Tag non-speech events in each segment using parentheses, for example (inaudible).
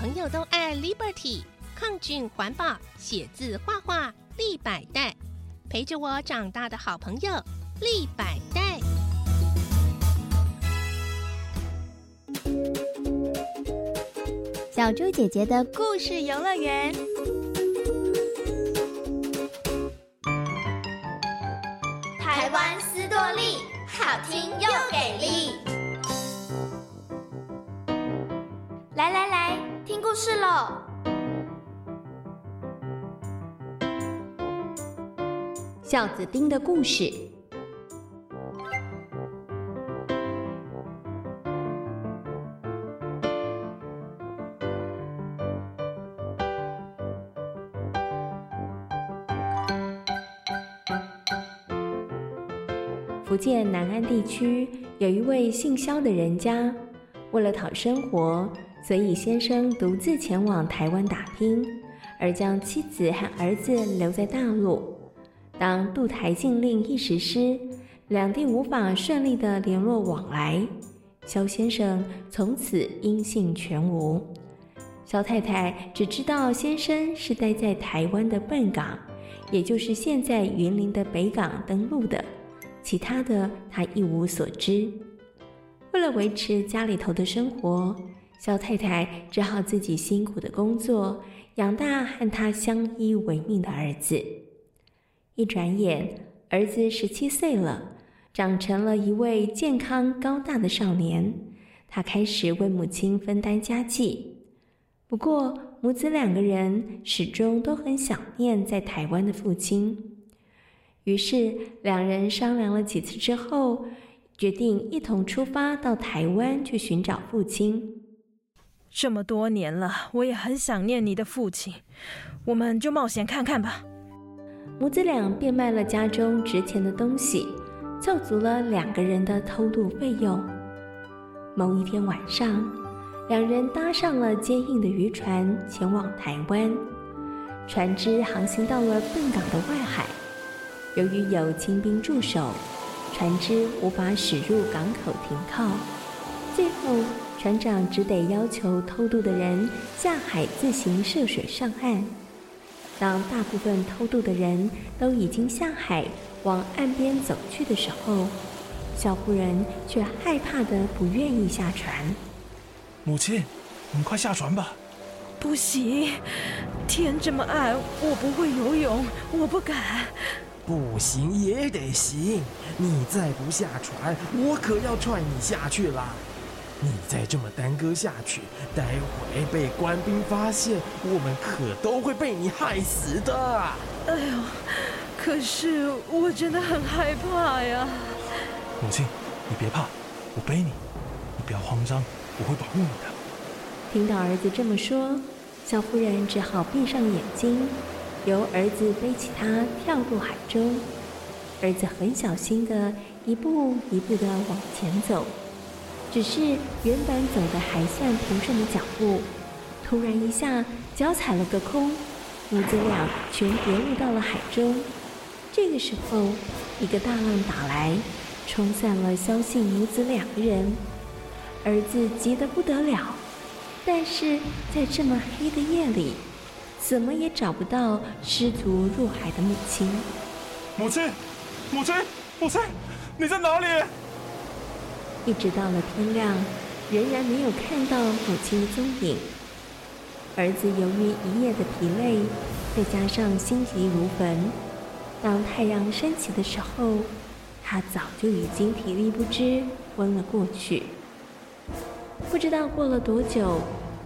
朋友都愛 Liberty，抗菌環保，寫字畫畫，利百代，陪着我長大的好朋友，利百代。小豬姐姐的故事遊樂園，台灣思多力，好聽又給力。來來來。聽故事嘍，《孝子釘的故事》。福建南安地區有一位姓蕭的人家，為了討生活。所以，先生獨自前往台灣打拼，而將妻子和兒子留在大陸。當渡台禁令一實施，兩地無法順利的聯絡往來，蕭先生從此音信全無。蕭太太只知道先生是待在台灣的笨港，也就是現在雲林的北港登陸的，其他的她一無所知。為了維持家裡頭的生活。蕭太太只好自己辛苦的工作，養大和他相依為命的兒子。一轉眼，兒子十七歲了，長成了一位健康高大的少年。他開始為母親分擔家計。不過，母子兩個人始終都很想念在台灣的父親。於是，兩人商量了幾次之後，決定一同出發到台灣去尋找父親。這麼多年了，我也很想念你的父親。我們就冒險看看吧。母子倆變賣了家中值錢的東西，湊足了兩個人的偷渡費用。某一天晚上，兩人搭上了堅硬的漁船，前往台灣。船隻航行到了笨港的外海，由於有清兵駐守，船隻無法駛入港口停靠。最後，船長只得要求偷渡的人下海自行涉水上岸。當大部分偷渡的人都已經下海往岸邊走去的時候，蕭夫人卻害怕的不願意下船。母親，你快下船吧！不行，天這麼暗，我不會游泳，我不敢。不行也得行，你再不下船，我可要踹你下去了。你再這麼耽擱下去，待會被官兵發現，我們可都會被你害死的。哎呦，可是我真的很害怕呀！母親，你別怕，我背你，你不要慌張，我會保護你的。聽到兒子這麼說，蕭夫人只好閉上眼睛，由兒子背起她跳入海中。兒子很小心的一步一步的往前走。只是原本走的還算平順的腳步，突然一下腳踩了個空，母子倆全跌入到了海中。這個時候，一個大浪打來，沖散了蕭信母子兩個人。兒子急得不得了，但是在這麼黑的夜裡，怎麼也找不到失足入海的母親。母親，母親，母親，你在哪裡？一直到了天亮，仍然沒有看到母親的蹤影。兒子由於一夜的疲累，再加上心急如焚，當太陽升起的時候，他早就已經體力不支，昏了過去。不知道過了多久，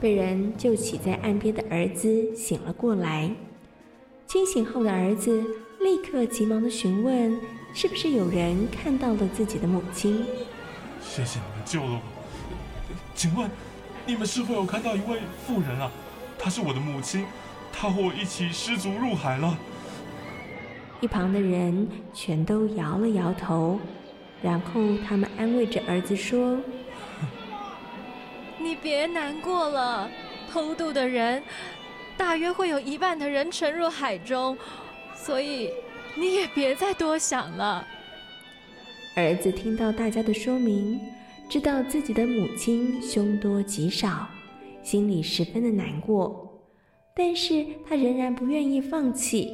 被人救起在岸邊的兒子醒了過來。清醒後的兒子立刻急忙地詢問：“是不是有人看到了自己的母親？”謝謝你們救了我，請問，你們是否有看到一位婦人啊？她是我的母親，她和我一起失足入海了。一旁的人全都搖了搖頭，然後他們安慰着兒子說：“ (laughs) 你別難過了，偷渡的人大約會有一半的人沉入海中，所以你也別再多想了。”兒子聽到大家的說明，知道自己的母親凶多吉少，心裡十分的難過，但是他仍然不願意放棄。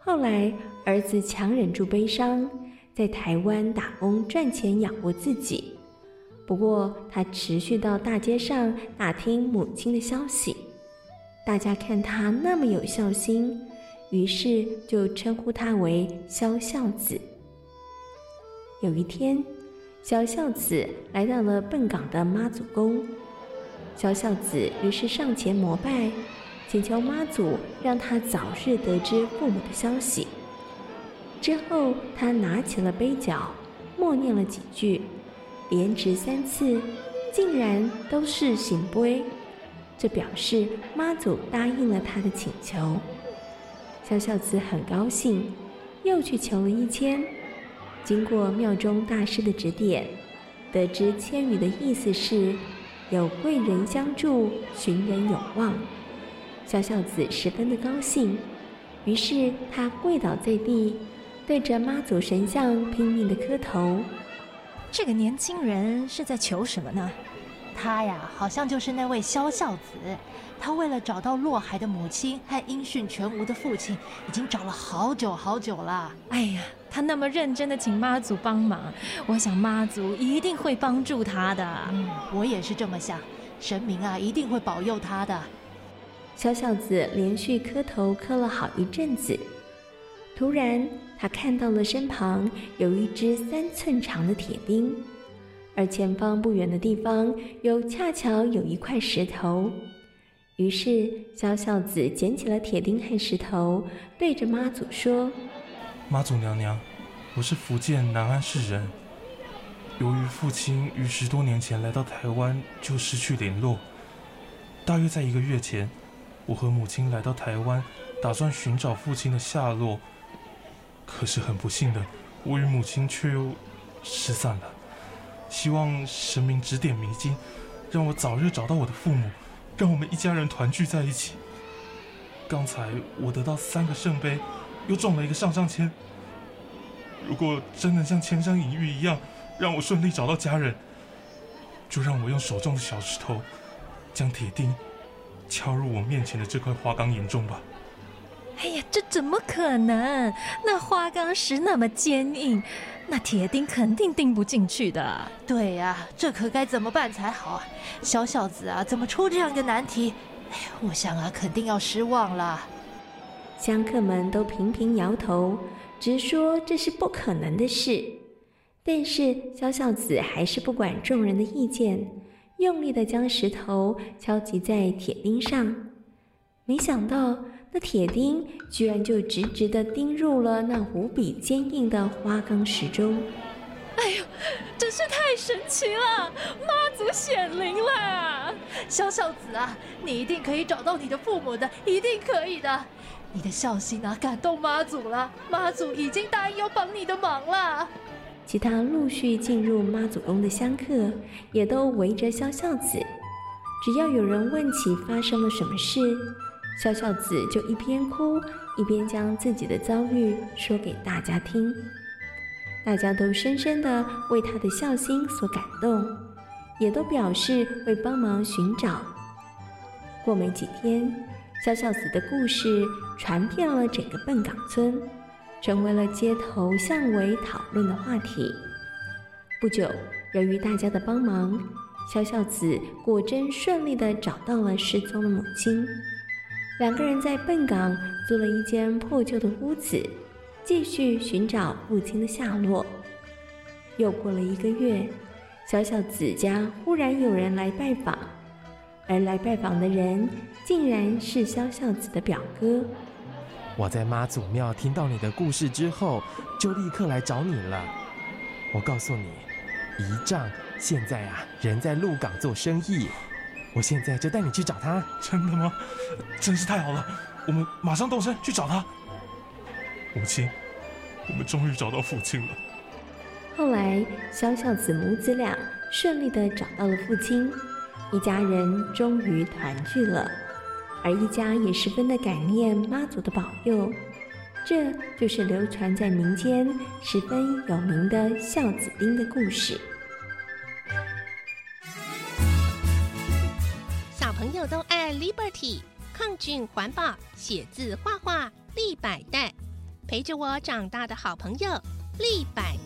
後來，兒子強忍住悲傷，在台灣打工賺錢養活自己。不過，他持續到大街上打聽母親的消息。大家看他那麼有孝心，於是就稱呼他為“蕭孝子”。有一天，小孝子來到了笨港的媽祖宮。小孝子於是上前膜拜，請求媽祖讓他早日得知父母的消息。之後，他拿起了杯筊，默念了幾句，連擲三次，竟然都是聖杯，這表示媽祖答應了他的請求。小孝子很高興，又去求了一籤。經過廟中大師的指點，得知籤語的意思是，有貴人相助，尋人有望。蕭孝子十分的高興，於是他跪倒在地，對着媽祖神像拼命的磕頭。這個年輕人是在求什麼呢？他呀，好像就是那位蕭孝子。他為了找到落海的母親和音訊全無的父親，已經找了好久好久了。哎呀！他那麼認真地請媽祖幫忙，我想媽祖一定會幫助他的。嗯，我也是這麼想，神明啊一定會保佑他的。蕭孝子連續磕頭磕了好一陣子，突然他看到了身旁有一隻三寸長的鐵釘，而前方不遠的地方又恰巧有一塊石頭。於是蕭孝子撿起了鐵釘和石頭，對着媽祖說。媽祖娘娘，我是福建南安市人。由於父親於十多年前來到台灣就失去聯絡，大約在一個月前，我和母親來到台灣，打算尋找父親的下落。可是很不幸的，我與母親卻又失散了。希望神明指點迷津，讓我早日找到我的父母，讓我們一家人團聚在一起。剛才我得到三個聖杯。又中了一個上上籤。如果真能像籤上隱喻一樣，讓我順利找到家人，就讓我用手中的小石頭，將鐵釘敲入我面前的這塊花崗岩中吧。哎呀，這怎麼可能？那花崗石那麼堅硬，那鐵釘肯定釘不進去的。對呀、啊，這可該怎麼辦才好啊，小小子啊，怎麼出這樣一個難題？哎，我想啊，肯定要失望了。香客們都頻頻搖頭，直說這是不可能的事。但是蕭孝子還是不管眾人的意見，用力的將石頭敲擊在鐵釘上。沒想到那鐵釘居然就直直的釘入了那無比堅硬的花崗石中。哎呦，真是太神奇了！媽祖顯靈了！蕭孝子啊，你一定可以找到你的父母的，一定可以的。你的孝心啊，感動媽祖了！媽祖已經答應要幫你的忙了。其他陸續進入媽祖宮的香客也都圍着蕭孝子，只要有人問起發生了什麼事，蕭孝子就一邊哭一邊將自己的遭遇說給大家聽。大家都深深地為他的孝心所感動，也都表示會幫忙尋找。過沒幾天，蕭孝子的故事傳遍了整個笨港村，成為了街頭巷尾討論的話題。不久，由於大家的幫忙，蕭孝子果真順利地找到了失蹤的母親。兩個人在笨港租了一間破舊的屋子，繼續尋找父親的下落。又過了一個月，蕭孝子家忽然有人來拜訪，而來拜訪的人竟然是蕭孝子的表哥。我在媽祖廟聽到你的故事之後，就立刻來找你了。我告訴你，姨丈現在啊，人在鹿港做生意。我現在就帶你去找他。真的嗎？真是太好了，我們馬上動身去找他。母親，我們終於找到父親了。後來，蕭孝子母子倆順利的找到了父親，一家人終於團聚了。而一家也十分的感念媽祖的保佑，這就是流傳在民間十分有名的孝子釘的故事。小朋友都愛 Liberty，抗菌環保，寫字畫畫利百代，陪着我長大的好朋友利百代。